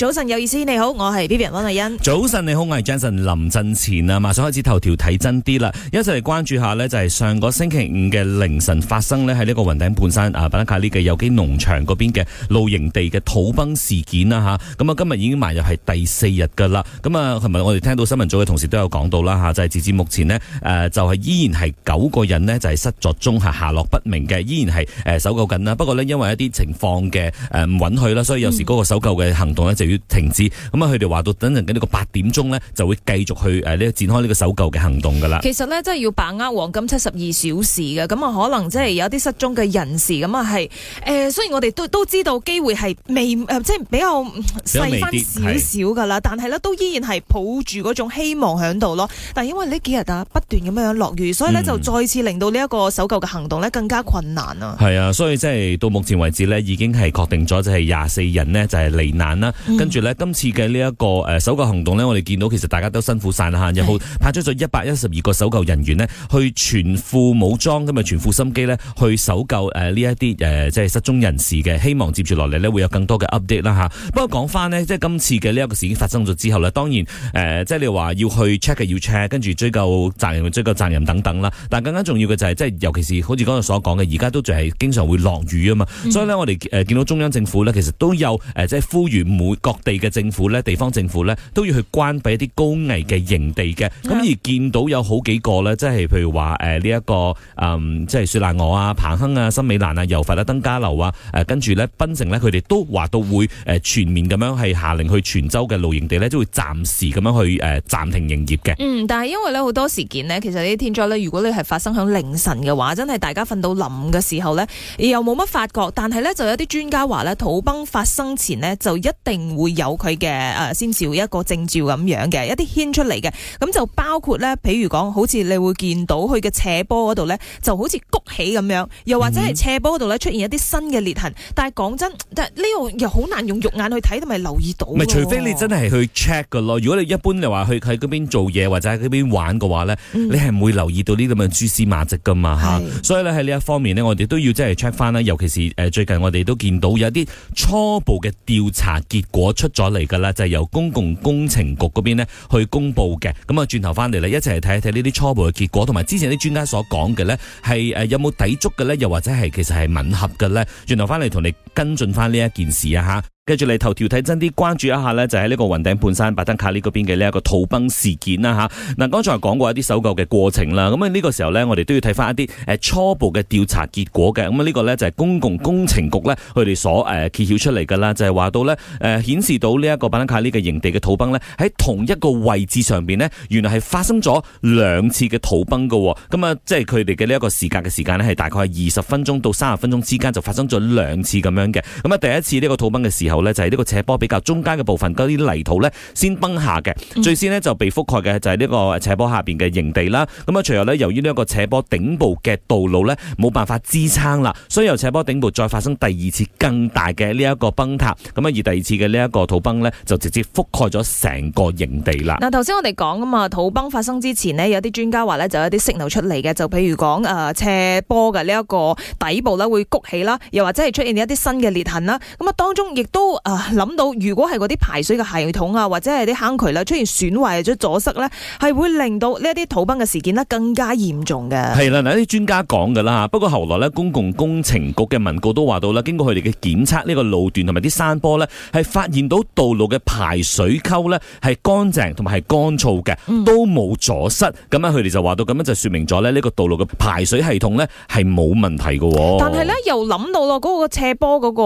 早晨有意思，你好，我係 Vivian 溫麗欣。早晨你好，我係 Jason 林振前啊，馬上開始頭條睇真啲啦，一齊嚟關注下呢，就係、是、上個星期五嘅凌晨發生呢，喺呢個雲頂半山啊，巴拿卡呢嘅有機農場嗰邊嘅露營地嘅土崩事件啦吓。咁啊，今日已經埋入係第四日噶啦。咁啊，琴日我哋聽到新聞組嘅同事都有講到啦吓、啊，就係、是、截至目前呢，誒、啊，就係、是、依然係九個人呢，就係、是、失咗蹤係下，下落不明嘅，依然係誒搜救緊啦。不過呢，因為一啲情況嘅誒唔允許啦，所以有時嗰個搜救嘅行動咧就、嗯要停止咁啊！佢哋話到等陣間呢個八點鐘呢，就會繼續去誒呢展開呢個搜救嘅行動噶啦。其實呢，真係要把握黃金七十二小時嘅，咁啊可能即係有啲失蹤嘅人士咁啊係誒，雖然我哋都都知道機會係未、呃、即係比較細翻少少噶啦，是但係呢都依然係抱住嗰種希望喺度咯。但係因為呢幾日啊不斷咁樣樣落雨，所以呢，就再次令到呢一個搜救嘅行動呢更加困難啊。係、嗯、啊，所以即係到目前為止呢，已經係確定咗就係廿四人呢，就係、是、罹難啦。嗯跟住呢，今次嘅呢一個誒搜、呃、救行動呢，我哋見到其實大家都辛苦晒下嚇，好是派出咗一百一十二個搜救人員呢，去全副武裝咁啊，全副心機呢，去搜救誒呢、呃、一啲誒、呃、即係失蹤人士嘅，希望接住落嚟呢，會有更多嘅 update 啦嚇。不過講翻呢，即係今次嘅呢一個事件發生咗之後呢，當然誒、呃、即係你話要去 check 嘅要 check，跟住追究責任，追究責任等等啦。但更加重要嘅就係、是、即係尤其是好似剛才所講嘅，而家都仲係經常會落雨啊嘛，嗯、所以呢，我哋見見到中央政府呢，其實都有即係呼籲每各地嘅政府咧，地方政府咧，都要去關閉一啲高危嘅營地嘅。咁、嗯、而見到有好幾個咧，即係譬如話誒呢一個誒即係雪蘭莪啊、彭亨啊、森美蘭啊、柔佛啊、登嘉樓啊，誒跟住咧，檳城咧，佢哋都話到會誒全面咁樣係下令去全州嘅露營地咧，都會暫時咁樣去誒暫停營業嘅。嗯，但係因為咧好多事件呢，其實呢啲天災咧，如果你係發生響凌晨嘅話，真係大家瞓到冧嘅時候咧，又冇乜發覺。但係咧就有啲專家話咧，土崩發生前呢，就一定。會有佢嘅誒，先至會一個證照咁樣嘅，一啲牽出嚟嘅，咁就包括咧，譬如講，好似你會見到佢嘅斜坡嗰度咧，就好似谷起咁樣，又或者係斜坡嗰度咧出現一啲新嘅裂痕，嗯、哼但係講真，但係呢度又好難用肉眼去睇同埋留意到。咪除非你真係去 check 噶咯，如果你一般嚟話去喺嗰邊做嘢或者喺嗰邊玩嘅話咧，嗯、你係唔會留意到呢啲咁嘅蛛絲馬跡噶嘛吓是、啊。所以咧喺呢一方面呢，我哋都要真係 check 翻啦，尤其是誒、呃、最近我哋都見到有啲初步嘅調查結果。我出咗嚟噶啦，就係由公共工程局嗰邊咧去公布嘅。咁啊，轉頭翻嚟啦，一齊嚟睇一睇呢啲初步嘅結果，同埋之前啲專家所講嘅咧，係誒有冇抵觸嘅咧？又或者係其實係吻合嘅咧？轉頭翻嚟同你跟進翻呢一件事啊吓。跟住你頭條睇真啲，關注一下呢，就喺呢個雲頂半山白登卡利嗰邊嘅呢一個土崩事件啦嚇。嗱，剛才講過一啲搜救嘅過程啦，咁啊呢個時候呢，我哋都要睇翻一啲誒初步嘅調查結果嘅。咁啊呢個呢，就係公共工程局呢，佢哋所誒揭曉出嚟㗎啦，就係話到呢，誒顯示到呢一個白登卡利嘅營地嘅土崩呢，喺同一個位置上面呢，原來係發生咗兩次嘅土崩喎。咁啊，即係佢哋嘅呢一個時隔嘅時間呢，係大概係二十分鐘到三十分鐘之間就發生咗兩次咁樣嘅。咁啊第一次呢個土崩嘅時候，就係呢個斜坡比較中間嘅部分嗰啲泥土咧先崩下嘅，最先呢就被覆蓋嘅就係呢個斜坡下邊嘅營地啦。咁啊，隨後呢由於呢個斜坡頂部嘅道路呢冇辦法支撐啦，所以由斜坡頂部再發生第二次更大嘅呢一個崩塌。咁啊，而第二次嘅呢一個土崩呢，就直接覆蓋咗成個營地啦。嗱，頭先我哋講啊嘛，土崩發生之前呢，有啲專家話呢，就有啲息流出嚟嘅，就譬如講誒斜坡嘅呢一個底部咧會谷起啦，又或者係出現一啲新嘅裂痕啦。咁啊當中亦都都啊諗到，如果係嗰啲排水嘅系統啊，或者係啲坑渠咧，出現損壞或者阻塞咧，係會令到呢一啲土崩嘅事件呢更加嚴重嘅。係啦，嗱，啲專家講噶啦，不過後來咧，公共工程局嘅文告都話到啦，經過佢哋嘅檢測，呢個路段同埋啲山坡咧，係發現到道路嘅排水溝咧係乾淨同埋係乾燥嘅，都冇阻塞。咁啊，嗯，佢哋就話到咁樣就說明咗咧，呢個道路嘅排水系統咧係冇問題嘅。但係咧，又諗到咯，嗰個斜坡嗰，嗰個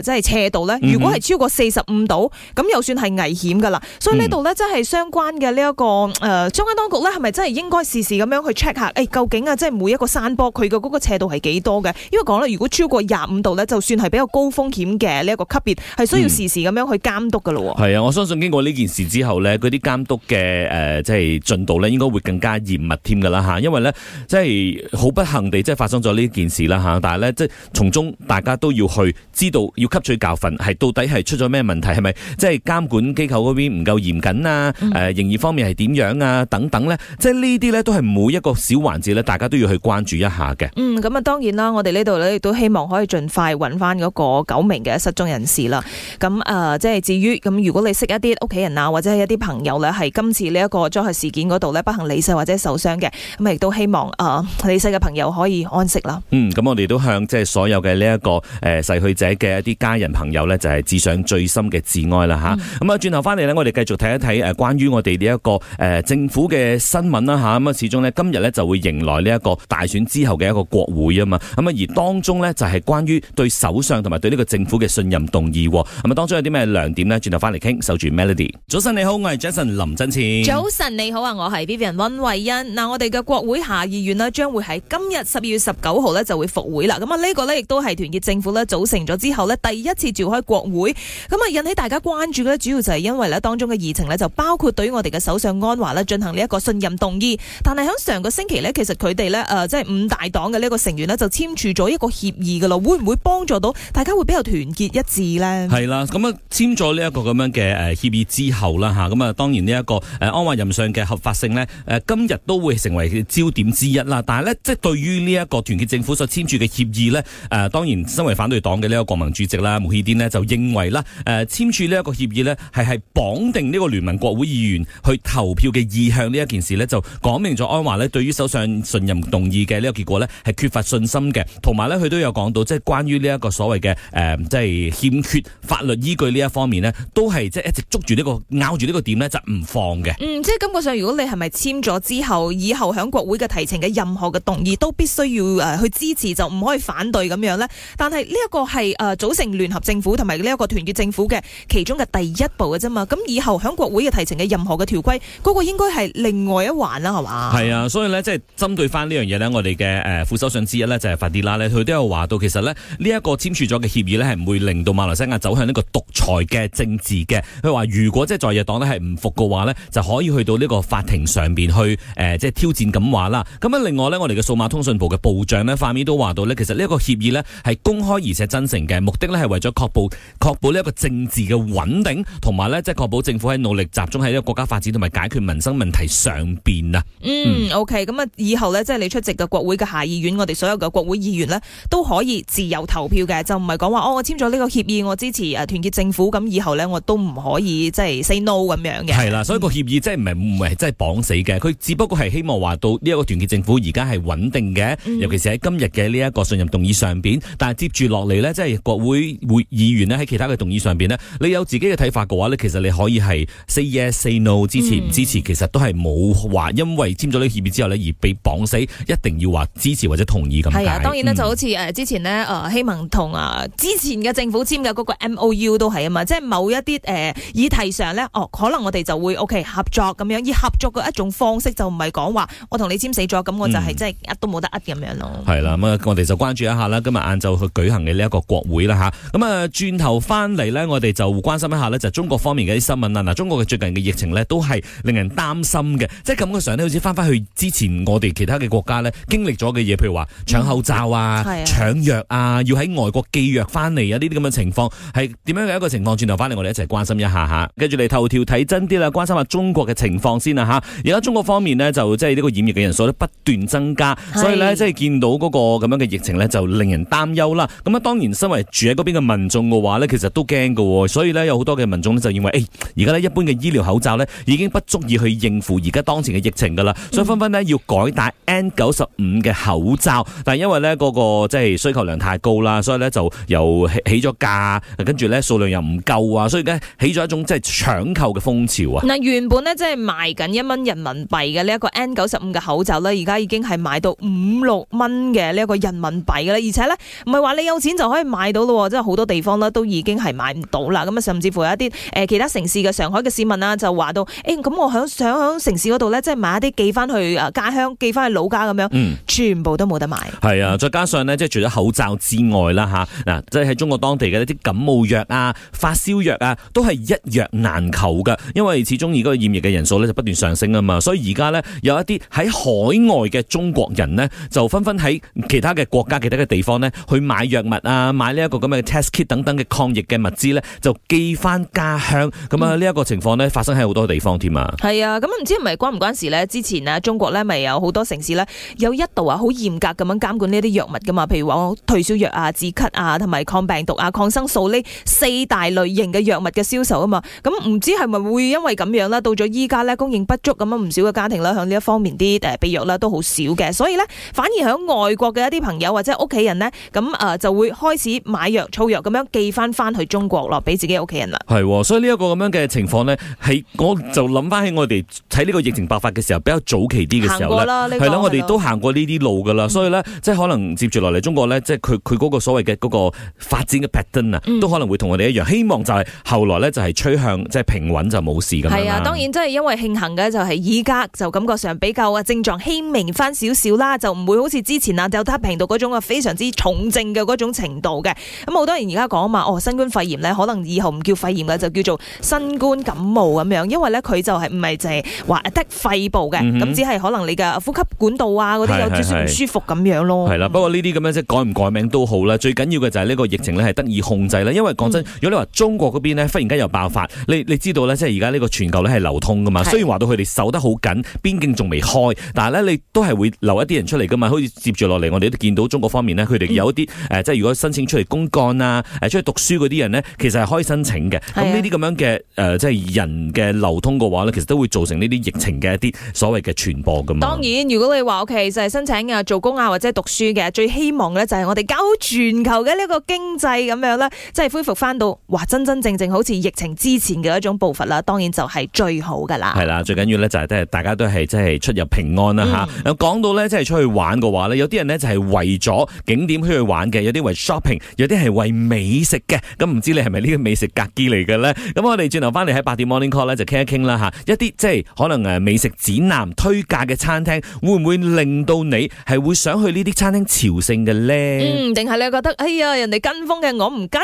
誒，即，呃，係斜度咧。如果係超過四十五度，咁又算係危險噶啦。所以呢度呢，嗯、真係相關嘅呢一個誒、呃，中央當局呢，係咪真係應該時時咁樣去 check 下？誒、哎，究竟啊，即係每一個山坡佢嘅嗰個斜度係幾多嘅？因為講呢，如果超過廿五度呢，就算係比較高風險嘅呢一個級別，係需要時時咁樣去監督噶咯。係啊、嗯，我相信經過呢件事之後呢，嗰啲監督嘅誒、呃，即係進度呢，應該會更加嚴密添噶啦吓。因為呢，即係好不幸地，即係發生咗呢件事啦吓。但係呢，即係從中大家都要去知道，要吸取教訓係。到底係出咗咩問題？係咪即係監管機構嗰邊唔夠嚴謹啊？誒、嗯，營業、呃、方面係點樣啊？等等呢？即係呢啲呢，都係每一個小環節呢，大家都要去關注一下嘅。嗯，咁啊，當然啦，我哋呢度呢，亦都希望可以盡快揾翻嗰個九名嘅失蹤人士啦。咁、嗯、誒、呃，即係至於咁，如果你識一啲屋企人啊，或者係一啲朋友呢，係今次呢一個災害事件嗰度呢，不幸離世或者受傷嘅，咁亦都希望誒離世嘅朋友可以安息啦。咁、嗯嗯、我哋都向即係所有嘅呢一個誒逝、呃、去者嘅一啲家人朋友呢。就是。係至上最深嘅悲哀啦，吓咁啊！轉頭翻嚟呢，我哋繼續睇一睇誒，關於我哋呢一個誒政府嘅新聞啦，吓咁啊！始終呢，今日呢，就會迎來呢一個大選之後嘅一個國會啊嘛，咁啊而當中呢，就係關於對首相同埋對呢個政府嘅信任動議，咁啊當中有啲咩亮點呢？轉頭翻嚟傾，守住 Melody。早晨你好，我係 Jason 林振前。早晨你好啊，我係 Vivian 温慧欣。嗱、呃，我哋嘅國會下議院呢，將會喺今日十二月十九號呢就會復會啦。咁啊呢個呢，亦都係團結政府呢，組成咗之後呢，第一次召開國。會咁啊引起大家關注咧，主要就係因為咧，當中嘅議程呢，就包括對於我哋嘅首相安華咧進行呢一個信任動議，但係喺上個星期呢，其實佢哋呢，誒即係五大黨嘅呢一個成員呢，就簽署咗一個協議噶啦，會唔會幫助到大家會比較團結一致呢？係啦，咁啊簽咗呢一個咁樣嘅誒協議之後啦吓，咁啊當然呢一個誒安華任上嘅合法性呢，誒今日都會成為焦點之一啦。但係呢，即係對於呢一個團結政府所簽署嘅協議呢，誒，當然身為反對黨嘅呢個國民主席啦，慕尤丁呢，就認為啦，誒、呃，簽署呢一個協議咧，係係綁定呢個聯盟國會議員去投票嘅意向呢一件事咧，就講明咗安華咧對於首相信任動議嘅呢個結果咧，係缺乏信心嘅。同埋咧，佢都有講到，即係關於呢一個所謂嘅誒，即、呃、係、就是、欠缺法律依據呢一方面咧，都係即係一直捉住呢、這個咬住呢個點咧、嗯，就唔放嘅。嗯，即係根本上，如果你係咪簽咗之後，以後響國會嘅提呈嘅任何嘅動議都必須要誒去支持，就唔可以反對咁樣咧。但係呢一個係誒組成聯合政府同埋。呢一個團結政府嘅其中嘅第一步嘅啫嘛，咁以後響國會嘅提呈嘅任何嘅條規，嗰個應該係另外一環啦，係嘛？係啊，所以呢，即係針對翻呢樣嘢呢，我哋嘅誒副首相之一呢，就係法迪拉呢，佢都有話到，其實呢，呢一個簽署咗嘅協議呢，係唔會令到馬來西亞走向呢個獨裁嘅政治嘅。佢話如果即係在野黨呢，係唔服嘅話呢，就可以去到呢個法庭上邊去誒，即係挑戰咁話啦。咁啊，另外呢，我哋嘅數碼通訊部嘅部長呢，法米都話到呢，其實呢一個協議呢係公開而且真誠嘅，目的呢，係為咗確保。確保呢一個政治嘅穩定，同埋呢，即係確保政府喺努力集中喺呢個國家發展同埋解決民生問題上邊啊。嗯，嗯，OK，咁啊以後呢，即係你出席嘅國會嘅下議院，我哋所有嘅國會議員呢，都可以自由投票嘅，就唔係講話哦，我簽咗呢個協議，我支持誒團結政府，咁以後呢，我都唔可以即係 say no 咁樣嘅。係啦，所以個協議即係唔係唔係即係綁死嘅，佢只不過係希望話到呢一個團結政府而家係穩定嘅，尤其是喺今日嘅呢一個信任動議上邊，但係接住落嚟呢，即係國會會議員咧。喺其他嘅動議上邊呢,你有自己嘅睇法嘅話呢，其實你可以係 say yes say no 支持唔、嗯、支持，其實都係冇話因為簽咗呢協議之後呢而被綁死，一定要話支持或者同意咁。係啊、嗯，當然咧就好似誒之前呢，誒、呃、希盟同啊之前嘅政府簽嘅嗰個 M O U 都係啊嘛，即係某一啲誒、呃、議題上呢，哦可能我哋就會 O、okay, K 合作咁樣，以合作嘅一種方式就唔係講話我同你簽死咗，咁我就係即係一都冇得一咁樣咯。係、嗯、啦，咁、嗯、我哋就關注一下啦，今日晏晝去舉行嘅呢一個國會啦吓，咁啊轉頭。啊後翻嚟呢，我哋就關心一下呢，就中國方面嘅啲新聞啦。嗱，中國嘅最近嘅疫情呢，都係令人擔心嘅。即係感覺上呢，好似翻翻去之前我哋其他嘅國家呢，經歷咗嘅嘢，譬如話搶口罩啊、嗯、搶藥啊，要喺外國寄藥翻嚟啊，呢啲咁嘅情況係點樣嘅一個情況？轉頭翻嚟，我哋一齊關心一下吓。跟住嚟頭條睇真啲啦，關心下中國嘅情況先啦吓。而家中國方面呢，就即係呢個染疫嘅人數呢不斷增加，的所以呢，即係見到嗰個咁樣嘅疫情呢，就令人擔憂啦。咁啊，當然身為住喺嗰邊嘅民眾嘅話，其實都驚㗎，所以呢，有好多嘅民眾就認為，誒而家呢一般嘅醫療口罩呢已經不足以去應付而家當前嘅疫情㗎啦，所以紛紛呢要改戴 N 九十五嘅口罩。但係因為呢嗰個即係需求量太高啦，所以呢就又起咗價，跟住呢，數量又唔夠啊，所以呢起咗一種即係搶購嘅風潮啊！嗱，原本呢即係賣緊一蚊人民幣嘅呢一個 N 九十五嘅口罩呢，而家已經係賣到五六蚊嘅呢一個人民幣嘅啦，而且呢，唔係話你有錢就可以買到咯，即係好多地方呢，都已經係買唔到啦，咁啊甚至乎有一啲誒其他城市嘅上海嘅市民啊，就話到誒，咁我響想響城市嗰度咧，即係買一啲寄翻去誒家鄉，寄翻去老家咁樣，全部都冇得買。係、嗯、啊，再加上咧，即係除咗口罩之外啦，吓、啊、嗱，即係喺中國當地嘅一啲感冒藥啊、發燒藥啊，都係一藥難求噶。因為始終而家染疫嘅人數咧就不斷上升啊嘛，所以而家咧有一啲喺海外嘅中國人呢，就紛紛喺其他嘅國家、其他嘅地方呢，去買藥物啊，買呢一個咁嘅 test kit 等等嘅。抗疫嘅物資呢，就寄翻家鄉，咁啊呢一個情況呢，發生喺好多地方添啊。係啊，咁唔知係咪關唔關事呢？之前咧中國呢咪有好多城市呢，有一度啊好嚴格咁樣監管呢啲藥物噶嘛，譬如話退燒藥啊、止咳啊、同埋抗病毒啊、抗生素呢四大類型嘅藥物嘅銷售啊嘛。咁唔知係咪會因為咁樣咧，到咗依家呢，供應不足咁樣，唔少嘅家庭咧響呢一方面啲誒備藥啦都好少嘅，所以呢，反而響外國嘅一啲朋友或者屋企人呢，咁誒就會開始買藥、湊藥咁樣寄翻。翻去中國咯，俾自己屋企人啦。係、哦，所以呢一個咁樣嘅情況呢，係我就諗翻起我哋喺呢個疫情爆發嘅時候比較早期啲嘅時候咧，係啦、這個，我哋都行過呢啲路噶啦，嗯、所以呢，即係可能接住落嚟中國呢，即係佢佢嗰個所謂嘅嗰個發展嘅 pattern 啊，都可能會同我哋一樣。希望就係後來呢，就係趨向即係平穩就冇事咁樣。係啊，當然即係因為慶幸嘅就係，依家就感覺上比較啊症狀輕微翻少少啦，就唔會好似之前啊就得病毒嗰種啊非常之重症嘅嗰種程度嘅。咁好多人而家講啊嘛。新冠肺炎咧，可能以後唔叫肺炎啦，就叫做新冠感冒咁樣，因為咧佢就係唔係就係話得肺部嘅，咁、嗯、哼只係可能你嘅呼吸管道啊嗰啲有少少唔舒服咁樣咯。係啦，不過呢啲咁樣即係改唔改名都好啦，最緊要嘅就係呢個疫情咧係得以控制啦。因為講真，嗯、如果你話中國嗰邊咧忽然間又爆發，你你知道咧即係而家呢個全球咧係流通噶嘛。是的 雖然話到佢哋守得好緊，邊境仲未開，但係咧你都係會留一啲人出嚟噶嘛。好似接住落嚟，我哋都見到中國方面呢，佢哋有一啲、嗯呃、即係如果申請出嚟公幹啊，出、呃、去讀書嗰啲人呢，其實係可以申請嘅。咁呢啲咁樣嘅誒，即係人嘅流通嘅話呢其實都會造成呢啲疫情嘅一啲所謂嘅傳播㗎嘛。當然，如果你話我其實係申請嘅、做工啊或者讀書嘅，最希望呢就係我哋搞好全球嘅呢個經濟咁樣呢，即係恢復返到哇真真正正好似疫情之前嘅一種步伐啦。當然就係最好㗎啦。係啦、嗯，最緊要呢，就係大家都係即係出入平安啦吓。講到呢，即係出去玩嘅話呢有啲人呢就係為咗景點出去玩嘅，有啲為 shopping，有啲係為美食嘅。咁唔知你係咪呢個美食格機嚟嘅咧？咁我哋轉頭翻嚟喺八點 Morning Call 咧，就傾一傾啦吓，一啲即係可能誒美食展覽推介嘅餐廳，會唔會令到你係會想去呢啲餐廳朝聖嘅咧？嗯，定係你覺得哎呀人哋跟風嘅，我唔跟，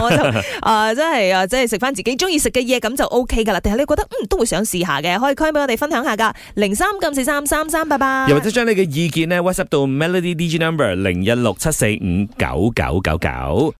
我就啊真係啊，即係食翻自己中意食嘅嘢，咁就 O K 噶啦。定係你覺得嗯都會想試下嘅，可以區俾我哋分享下噶零三九四三三三八八，又或者將你嘅意見呢 WhatsApp 到 Melody DJ Number 零一六七四五九九九九。